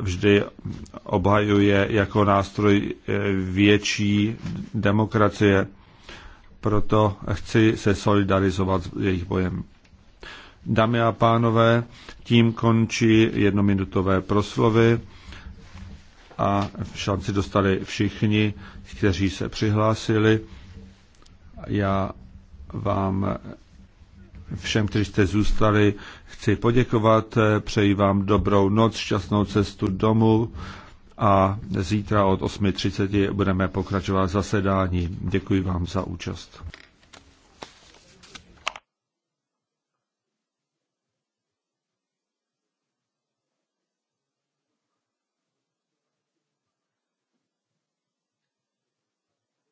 vždy obhajuje jako nástroj eh, větší demokracie. Proto chci se solidarizovat s jejich bojem. Dámy a pánové, tím končí jednominutové proslovy a šanci dostali všichni, kteří se přihlásili. Já vám Všem, kteří jste zůstali, chci poděkovat, přeji vám dobrou noc, šťastnou cestu domů a zítra od 8.30 budeme pokračovat zasedání. Děkuji vám za účast.